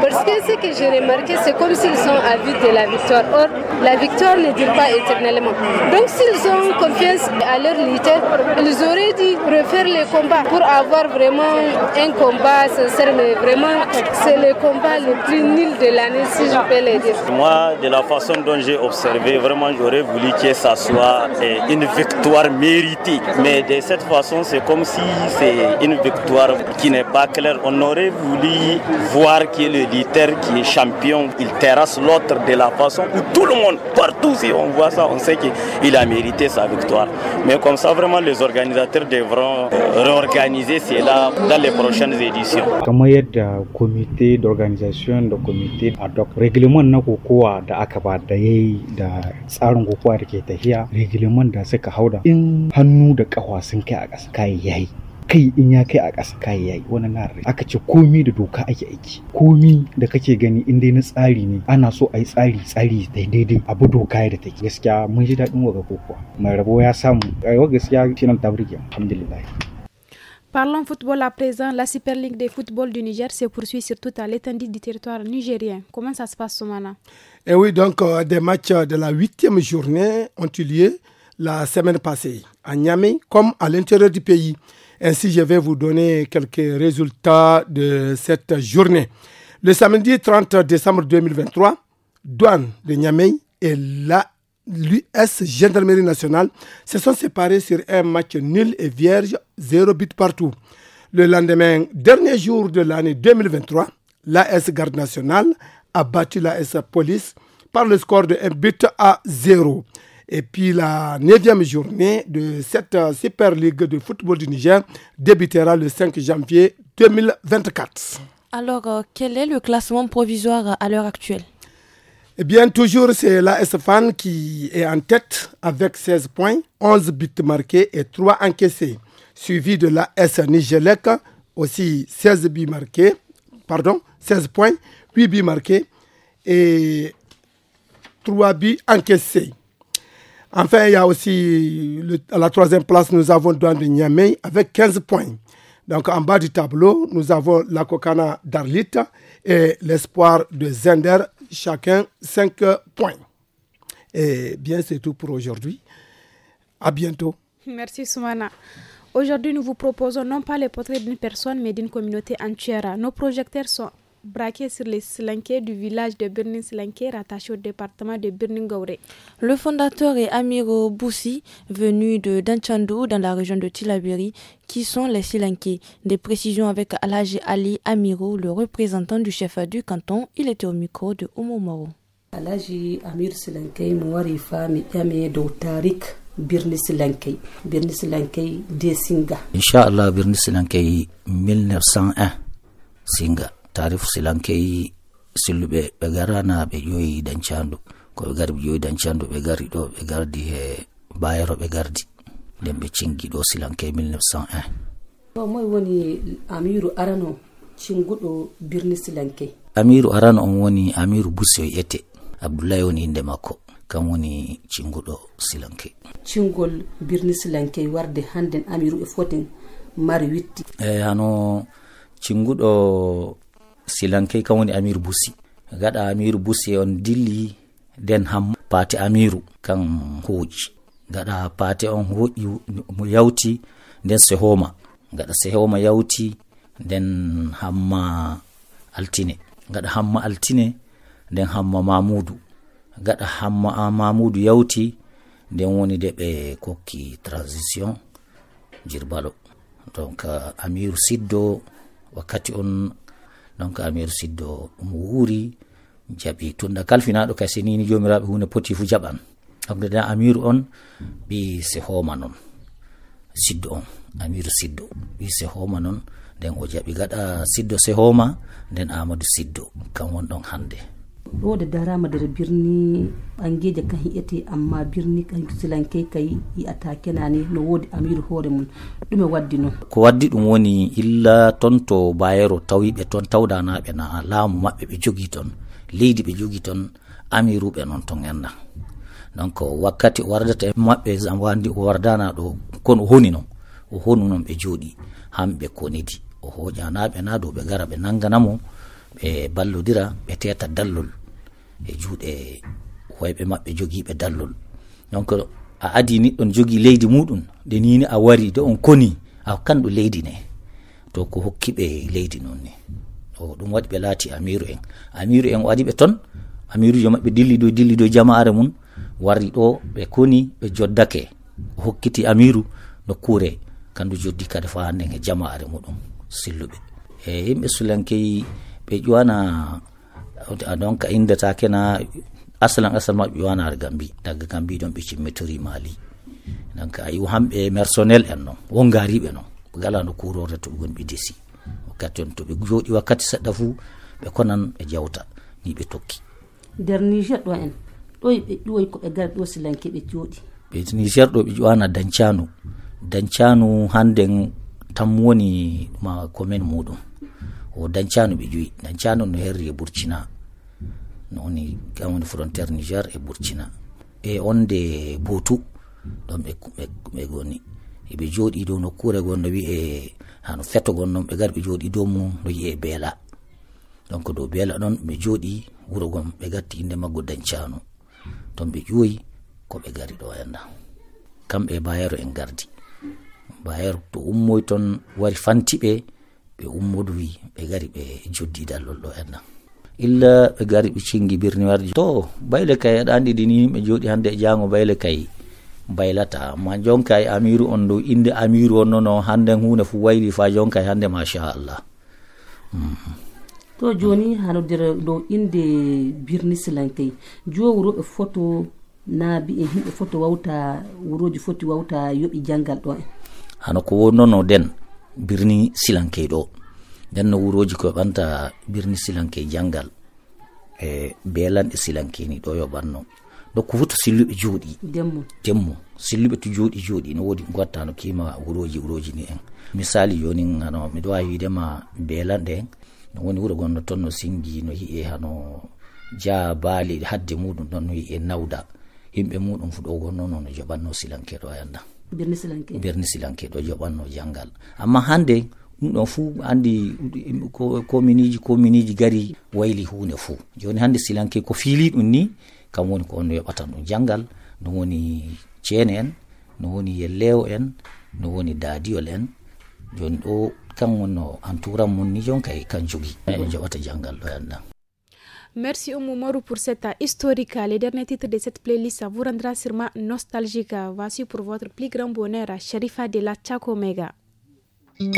Parce que ce que j'ai remarqué, c'est comme s'ils sont vie de la victoire. Or, la victoire ne dure pas éternellement. Donc, s'ils ont confiance à leur leader, ils auraient dû refaire le combat. pour avoir vraiment un combat sincère. Mais vraiment, c'est le combat le plus nul de l'année, si je peux le dire. Moi, de la façon dont j'ai observé, vraiment, j'aurais voulu que ça soit eh, une victoire méritée. Mais de cette façon, c'est comme si c'est une victoire qui n'est pas claire on aurait voulu voir qui est l'éditeur qui est champion. Il terrasse l'autre de la façon où tout le monde, partout, si on voit ça, on sait qu'il a mérité sa victoire. Mais comme ça, vraiment, les organisateurs devront réorganiser cela dans les prochaines éditions. Comment yadda comité d'organisation de comité ad hoc Règlement, na pas da aka ba da da qui Règlement da in kai kai in ya kai a ƙasa kai yayi wannan na aka ce komi da doka ake aiki komi da kake gani in dai na tsari ne ana so ai yi tsari tsari daidai abu doka da take gaskiya mun ji daɗin waga kokowa mai rabo ya samu rayuwa gaskiya final ta burge alhamdulillah Parlons football à présent. La Super League de football du Niger se poursuit surtout à l'étendue du territoire nigérien. Comment ça se passe, Soumana Eh oui, donc euh, des matchs euh, de la huitième journée ont eu lieu la semaine passée à Niamey comme à l'intérieur du pays. Ainsi, je vais vous donner quelques résultats de cette journée. Le samedi 30 décembre 2023, douane de Niamey et l'US Gendarmerie nationale se sont séparés sur un match nul et vierge, zéro but partout. Le lendemain, dernier jour de l'année 2023, l'AS Garde nationale a battu l'AS Police par le score de 1 but à 0. Et puis la neuvième journée de cette euh, Super League de football du Niger débutera le 5 janvier 2024. Alors, euh, quel est le classement provisoire à l'heure actuelle eh bien, toujours, c'est s Fan qui est en tête avec 16 points, 11 buts marqués et 3 encaissés. Suivi de la Nigelec, aussi 16 buts marqués, pardon, 16 points, 8 buts marqués et 3 buts encaissés. Enfin, il y a aussi à la troisième place, nous avons don de Niamey avec 15 points. Donc en bas du tableau, nous avons la Cocana d'Arlit et l'espoir de Zender, chacun 5 points. Et bien, c'est tout pour aujourd'hui. À bientôt. Merci Soumana. Aujourd'hui, nous vous proposons non pas les portraits d'une personne, mais d'une communauté entière. Nos projecteurs sont braqué sur les Slinké du village de Birnin rattaché au département de Birnin Le fondateur est Amiro Boussi, venu de Danchandou dans la région de Tilabiri, qui sont les Slinké. Des précisions avec Alhaji Ali Amiro, le représentant du chef du canton. Il était au micro de Oumomoro. Moro. Alhaji Amir Slinké, Mouarifa, Miame, Tariq birni silankey birni silankey de singa Inch'Allah birni 1901 singa tarif silankeyi silluɓe ɓe garana ɓe yoyi dancandu koɓe gari ɓe yoyi dancandu ɓe gari ɗo ɓe gardi e bayero ɓe gardi nden ɓe cingi ɗo silanke 1901 o moe woni amiru arano cinguɗo birni silanke amiru arano on woni amiru busi o yiyete abdoullahi woni inde makko kam woni cinguɗo silanke cingol birni silanke warde hannden amiru e footin mari witti eyi hano cinguɗo silankey kawoni amir bussi gaɗa amir bussi on dilli den ham pati amiru kan hoji gaɗa pati on hoƴi yawti nden sehoma gaɗa sehoma yawti nden hamma altine gaɗa hamma altine nden hamma mamudu gaɗa hamma mamudu yawti nden woni de ɓe kokki transition jirbalo donc amiru siddo wakkati on donc a mersiddo ɗum wuuri jaɓi tunda kalfinaɗo kasinini jomiraɓe hunde poti fu jaɓan donc da amiru on ɓi sehoma non siddo on amiru siddo ɓi sehoma non nden o jaɓi gaɗa siddo sehoma nden amadou siddo kam won ɗon hannde wode darama nder birni ɓangeje kan hiƴete amma birni silanke kayi yi'ata kenani no wodi amiru hoore mum ɗume waddi noon ko waddi ɗum woni illa toon to bayero tawiɓe toon tawdanaɓe na laamu maɓɓe ɓe jogi toon leydi ɓe jogi toon amiruɓe noon to enna donc wakkati o wardata e maɓɓe wandi o wardana ɗo kono o honi noon o honu noon ɓe jooɗi hamɓe konidi o hoƴanaɓe na dow ɓe gara ɓe nangganamo ɓe ballodira ɓe teta dallol e juuɗe wayɓe maɓɓe jogiiɓe dallol donc a adi niɗɗon jogii leydi muɗum nde nini a wari de on koni a kanɗo leydi ne to ko hokkiɓe leydi noon ni o ɗum waɗi ɓe laati amiru en amiru en o adiɓe toon amirujo maɓɓe dilli ɗo dilli ɗo jamaare mum warri ɗo ɓe koni ɓe joddake o hokkiti amiru nokkure kandu joddi kadi fa hannden e jamaare muɗum silluɓe e yimɓe sulankeyi ɓe ƴuwana don ka inda ta kina asalin asal ma na gambi daga gambi don bici mituri mali don ka yi hambe personnel en non won be non gala no kurore to gonbe desi wakati on to be jodi wakati sadda fu be konan e jawta ni be tokki der niger ɗo en ɗo ɓe ɗuwoy ko ɓe gari ɗo silanke ɓe jooɗi ɓe niger ɗo ɓe na dancano dancano handen tan woni ma komen muɗum o dancano ɓe joyi dancano no herri burcina. E burkina no woni frontiére niger e burkina e onde botu ɗon ɓe goni eɓe jooɗi dow nokkure gonɗo wi'e hano feto gonɗon ɓe gari ɓe jooɗi dow mum no yi'e e beela donc dow beela ɗon ɓe jooɗi wuro gon ɓe gatti inde maggo dañcano ton ɓe ƴooyi ko ɓe gari ɗo henna kamɓe bayero en gardi bayero to ummoy ton wari fantiɓe ɓe ummodowi ɓe gari ɓe joddi dallol ɗo henna illa ɓe gari ɓe cingi birniwarji to bayle kay aɗa andi ɗini yimɓe jooɗi hande e jaango bayle kay baylata ma jonka e amiru on ɗo inde amiru on nono hannde hunde fu wayli fa jonka e hannde machallah mhm. to joni hanodira dow inde birni silankey jo wuroɓe foto na mbi'en himɓe foti wawta wuroji foti wawta yoɓi jangal ɗo en hano ko wonnono den birni silankey ɗo nden no wuroji ko yoɓanta birni silanke jangal e belan e silankeni ɗo yoɓanno donc fu to silluɓe jooɗi demmo silluɓe to jooɗi jooɗi no woodi gotta no kima wuroji wuroji ni en misali joni hano miɗo wawi widema belanɗe en no woni wuuro gonno toon no singi no yi'e hano jaa baali hadde muɗum ɗon no yi'e nawda yimɓe muɗum fu ɗo gonnono no joɓanno silankeɗo ayanna birni silanke ɗo joɓanno jangal amma hannde ɗum ɗon fuu andi kominiji kominiji gari wayli hunde fuu joni hande silanke ko fiili ɗum ni kam woni ko on yoɓatan ɗum jangal no woni ceene en no woni yellewo en no woni dadiyol en joni ɗo kan wonno entourant mon ni jon kay e kan jogi en joɓata jangal ɗo Merci au pour cette historique. Les derniers titres de cette playlist vous rendra sûrement nostalgique. Voici pour votre plus grand bonheur, Sharifa de la Chakomega. うん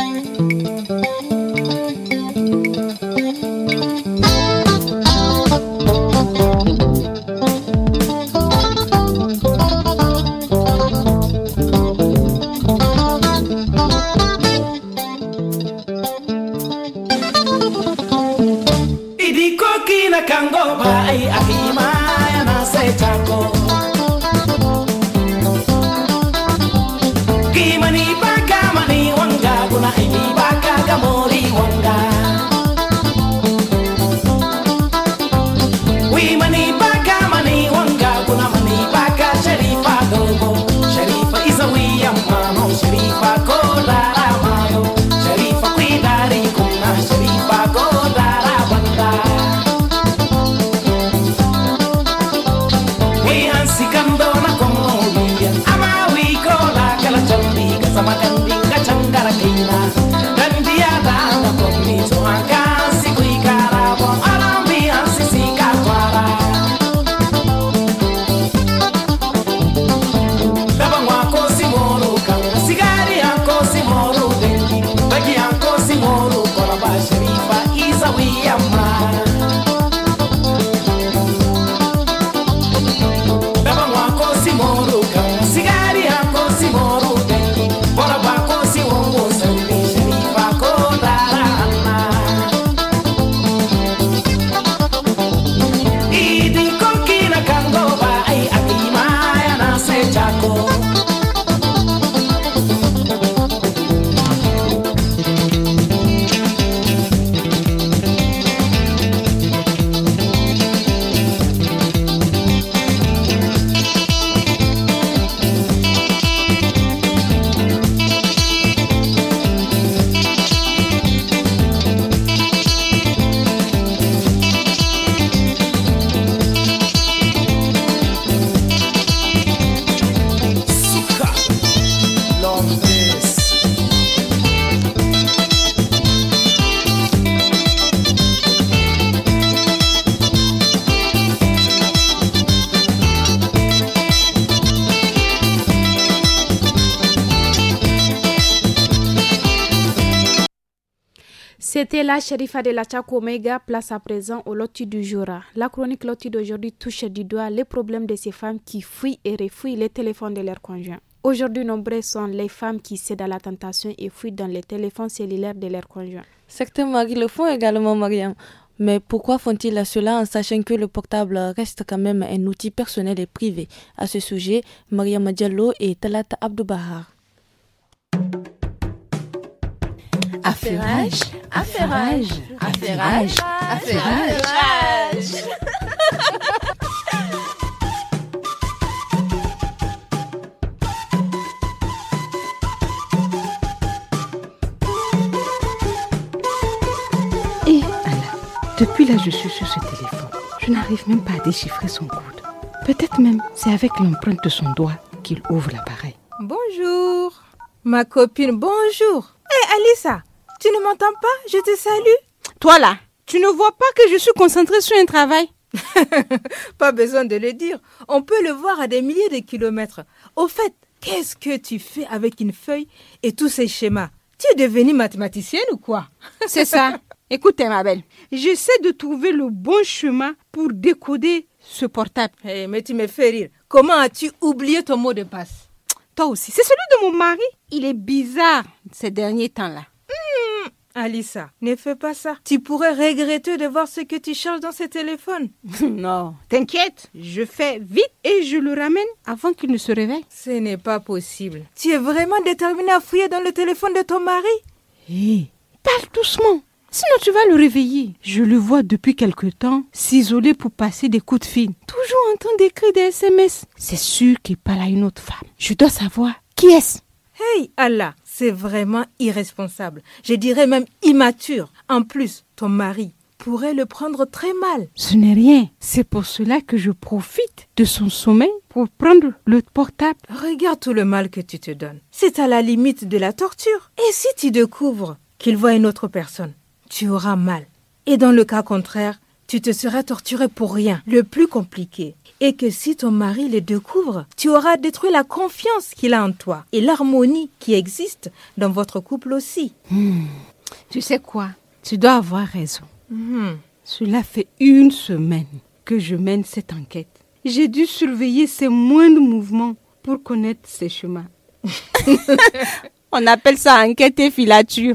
C'était la shérifa de la Omega, place à présent au loti du Jura. La chronique loti d'aujourd'hui touche du doigt les problèmes de ces femmes qui fuient et refouillent les téléphones de leurs conjoints. Aujourd'hui, nombreuses sont les femmes qui cèdent à la tentation et fuient dans les téléphones cellulaires de leurs conjoints. Certains maris le font également, Mariam. Mais pourquoi font-ils cela en sachant que le portable reste quand même un outil personnel et privé À ce sujet, Mariam Diallo et Talata Abdoubahar. Affairage, affairage, affaire, affairage. Et Alain, depuis là je suis sur ce téléphone. Je n'arrive même pas à déchiffrer son coude. Peut-être même c'est avec l'empreinte de son doigt qu'il ouvre l'appareil. Bonjour, ma copine, bonjour. Hé hey, Alissa, tu ne m'entends pas Je te salue. Toi là, tu ne vois pas que je suis concentrée sur un travail Pas besoin de le dire. On peut le voir à des milliers de kilomètres. Au fait, qu'est-ce que tu fais avec une feuille et tous ces schémas Tu es devenue mathématicienne ou quoi C'est ça. Écoute, ma belle, j'essaie de trouver le bon chemin pour décoder ce portable. Eh, mais tu me fais rire. Comment as-tu oublié ton mot de passe Toi aussi. C'est celui de mon mari. Il est bizarre ces derniers temps-là. Alissa, ne fais pas ça. Tu pourrais regretter de voir ce que tu cherches dans ce téléphone. non, t'inquiète, je fais vite et je le ramène avant qu'il ne se réveille. Ce n'est pas possible. Tu es vraiment déterminée à fouiller dans le téléphone de ton mari Hé, parle doucement. Sinon tu vas le réveiller. Je le vois depuis quelque temps s'isoler pour passer des coups de fil. Toujours entendre des cris des SMS. C'est sûr qu'il parle à une autre femme. Je dois savoir qui est-ce. Hey Allah, c'est vraiment irresponsable. Je dirais même immature. En plus, ton mari pourrait le prendre très mal. Ce n'est rien. C'est pour cela que je profite de son sommeil pour prendre le portable. Regarde tout le mal que tu te donnes. C'est à la limite de la torture. Et si tu découvres qu'il voit une autre personne, tu auras mal. Et dans le cas contraire, tu te seras torturé pour rien. Le plus compliqué et que si ton mari le découvre, tu auras détruit la confiance qu'il a en toi et l'harmonie qui existe dans votre couple aussi. Hmm. Tu sais quoi Tu dois avoir raison. Hmm. Cela fait une semaine que je mène cette enquête. J'ai dû surveiller ses moindres mouvements pour connaître ses chemins. On appelle ça enquête et filature.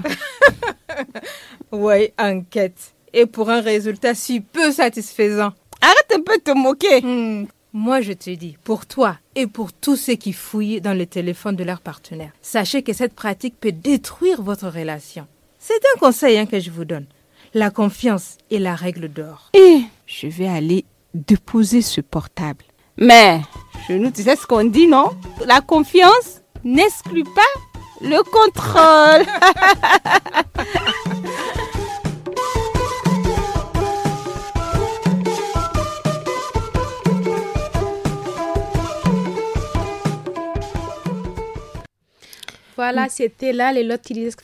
oui, enquête et pour un résultat si peu satisfaisant. Arrête un peu de te moquer. Hmm. Moi, je te dis, pour toi et pour tous ceux qui fouillent dans le téléphone de leur partenaire, sachez que cette pratique peut détruire votre relation. C'est un conseil hein, que je vous donne. La confiance est la règle d'or. Et je vais aller déposer ce portable. Mais, je nous, disais ce qu'on dit, non La confiance n'exclut pas le contrôle. Voilà, c'était là les lots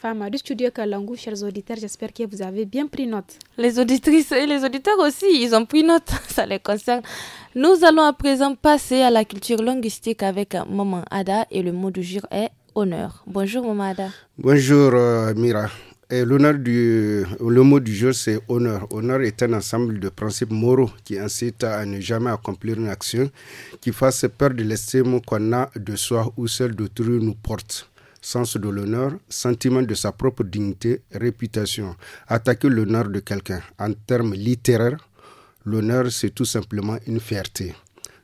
Fama du studio Kalangu. Chers auditeurs, j'espère que vous avez bien pris note. Les auditrices et les auditeurs aussi, ils ont pris note, ça les concerne. Nous allons à présent passer à la culture linguistique avec Maman Ada et le mot du jour est honneur. Bonjour Maman Ada. Bonjour euh, Mira. Et l'honneur du, le mot du jour, c'est honneur. Honneur est un ensemble de principes moraux qui incitent à ne jamais accomplir une action qui fasse peur de l'estime qu'on a de soi ou celle d'autrui nous porte sens de l'honneur, sentiment de sa propre dignité, réputation. Attaquer l'honneur de quelqu'un en termes littéraires, l'honneur c'est tout simplement une fierté.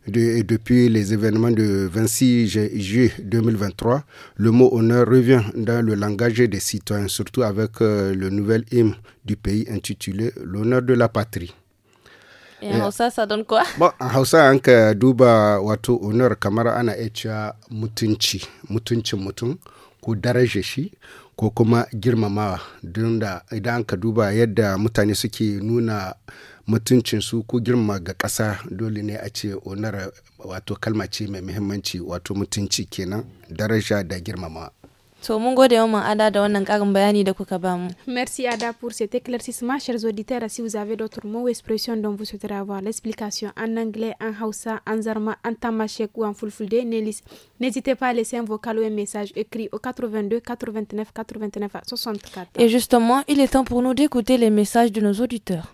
et depuis les événements de 26 juillet 2023, le mot honneur revient dans le langage des citoyens, surtout avec euh, le nouvel hymne du pays intitulé L'honneur de la patrie. Et ça ça ça donne quoi duba ana ko daraja shi ko kuma girmamawa don da idan ka duba yadda mutane suke nuna mutuncinsu ko girma ga ƙasa dole ne a ce onar wato kalma ce mai muhimmanci wato mutunci kenan daraja da girmamawa Merci Ada pour cet éclaircissement. Chers auditeurs, si vous avez d'autres mots ou expressions dont vous souhaiteriez avoir l'explication en anglais, en hausa, en zarma, en tamashek ou en fulfulde, n'hésitez pas à laisser un vocal ou un message écrit au 82 89 89 64. Et justement, il est temps pour nous d'écouter les messages de nos auditeurs.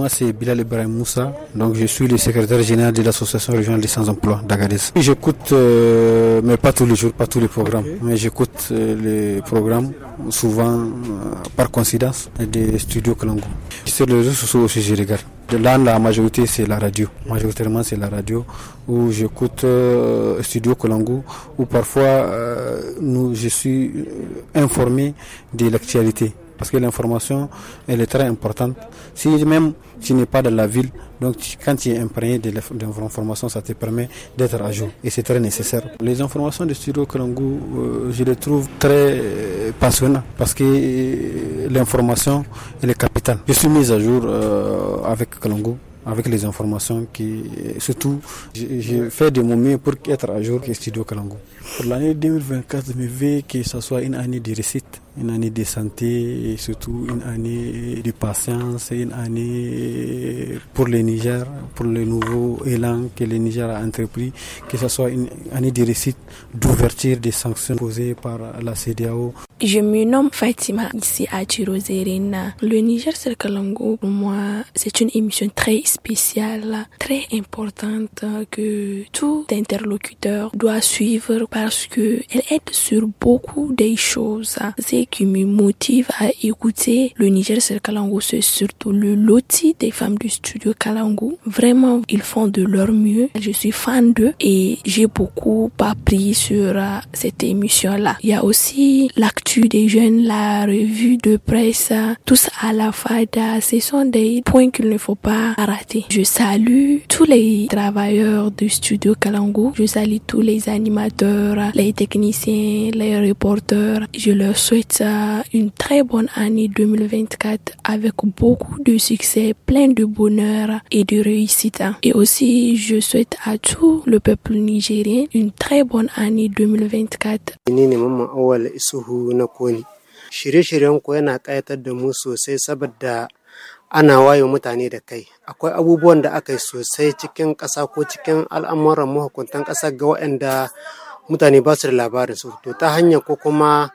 Moi, c'est Bilal Ibrahim Moussa. Donc, je suis le secrétaire général de l'association régionale des sans-emploi d'Agadez. J'écoute, euh, mais pas tous les jours, pas tous les programmes. Mais j'écoute euh, les programmes, souvent euh, par coïncidence, des studios Kalango. Sur le réseaux sociaux aussi, je regarde. Là, la majorité, c'est la radio. Majoritairement, c'est la radio où j'écoute Studio Colango où parfois, nous, je suis informé de l'actualité. Parce que l'information, elle est très importante. Si même tu n'es pas de la ville, donc quand tu es imprégné de ça te permet d'être à jour. Et c'est très nécessaire. Les informations du studio Kalangu, euh, je les trouve très euh, passionnantes parce que euh, l'information, elle est capitale. Je suis mis à jour avec Kalangu avec les informations qui surtout j'ai fait de mon mieux pour être à jour avec Studio Kalango. Pour l'année 2024, je veux que ce soit une année de réussite une année de santé et surtout une année de patience, une année pour le Niger, pour le nouveau élan que le Niger a entrepris, que ce soit une année de réussite, d'ouverture des sanctions posées par la CDAO. Je me nomme Fatima ici à Tirozerina. Le Niger Serkalango, pour moi, c'est une émission très spéciale, très importante que tout interlocuteur doit suivre parce qu'elle aide sur beaucoup des choses. C'est qui me motive à écouter le Niger sur Kalango, c'est surtout le loti des femmes du studio Kalango. Vraiment, ils font de leur mieux. Je suis fan d'eux et j'ai beaucoup appris sur euh, cette émission-là. Il y a aussi l'actu des jeunes, la revue de presse, tous à la fada. Ce sont des points qu'il ne faut pas rater. Je salue tous les travailleurs du studio Kalango. Je salue tous les animateurs, les techniciens, les reporters. Je leur souhaite souhaite euh, une très bonne année 2024 avec beaucoup de succès, plein de bonheur et de réussite. Et aussi, je souhaite à tout le peuple nigérien une très bonne année 2024. shirye-shiryen ko yana ƙayatar da mu sosai saboda ana wayo mutane da kai akwai abubuwan da aka yi sosai cikin ƙasa ko cikin al'amuran mahukuntan ƙasa ga waɗanda mutane ba su da labarin su to ta hanyar ko kuma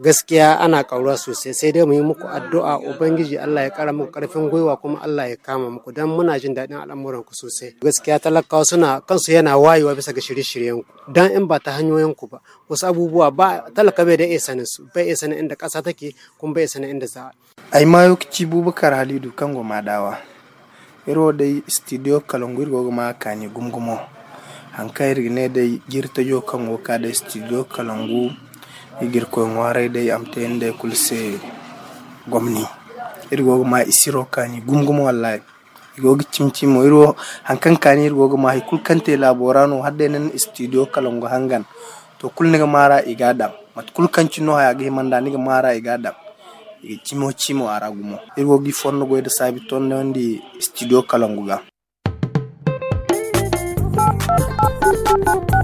gaskiya ana ƙaura sosai sai dai mu yi muku addu'a ubangiji Allah ya kara muku karfin gwiwa kuma Allah ya kama muku dan muna jin daɗin al'amuran ku sosai gaskiya talakawa suna kansu yana wayewa bisa ga shirye-shiryen ku dan in ba ta hanyoyin ku ba wasu abubuwa ba talaka bai da iya sanin su bai iya sanin inda ƙasa take kuma bai iya sanin inda za a ai ma yokici bubukar halidu kan goma dawa iro dai studio kalangwir goma kani gumgumo hankali ne dai girta yo kan woka da studio kalangu ko ŋwaray day am te hen kul se gomni ir ga ma isiro kani gumgum wallahi igogi cimcimo irwo hankan kani irgoga ma kul kante laborano hadde nan studio kalongo hangan to kul ne mara iga dam mat kul kanci no haya gi manda niga mara iga dam iga cimo cimo ara gumo irgogi fonno de sabi ton ne wandi studio kalongo ga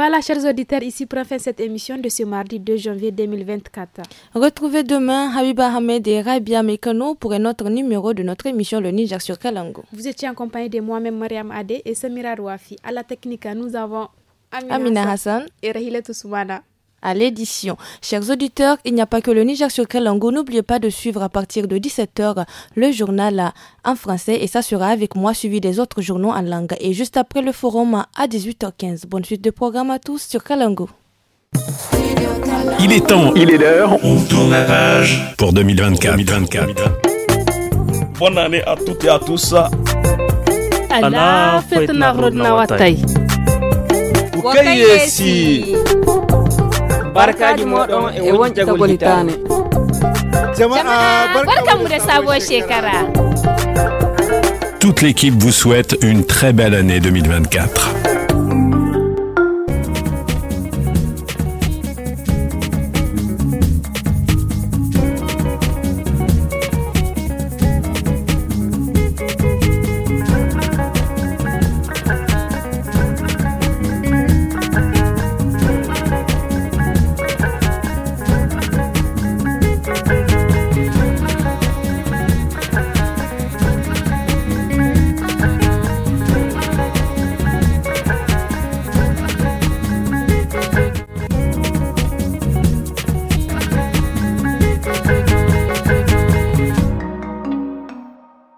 Voilà, chers auditeurs, ici prend fin cette émission de ce mardi 2 janvier 2024. Retrouvez demain Habiba Hamed et Rabia Mekano pour un autre numéro de notre émission Le Niger sur Kalango. Vous étiez en compagnie de moi-même, Mariam Ade et Samira Rouafi. À la technique, nous avons Amina, Hassan, et Rahilet Toussoumana à l'édition. Chers auditeurs, il n'y a pas que le Niger sur Kalango. N'oubliez pas de suivre à partir de 17h le journal en français et ça sera avec moi suivi des autres journaux en langue. Et juste après le forum à 18h15. Bonne suite de programme à tous sur Kalango. Il est temps, il est l'heure. On tourne la page pour 2024. Bonne année à toutes et à tous. Allah, fête toute l'équipe vous souhaite une très belle année 2024.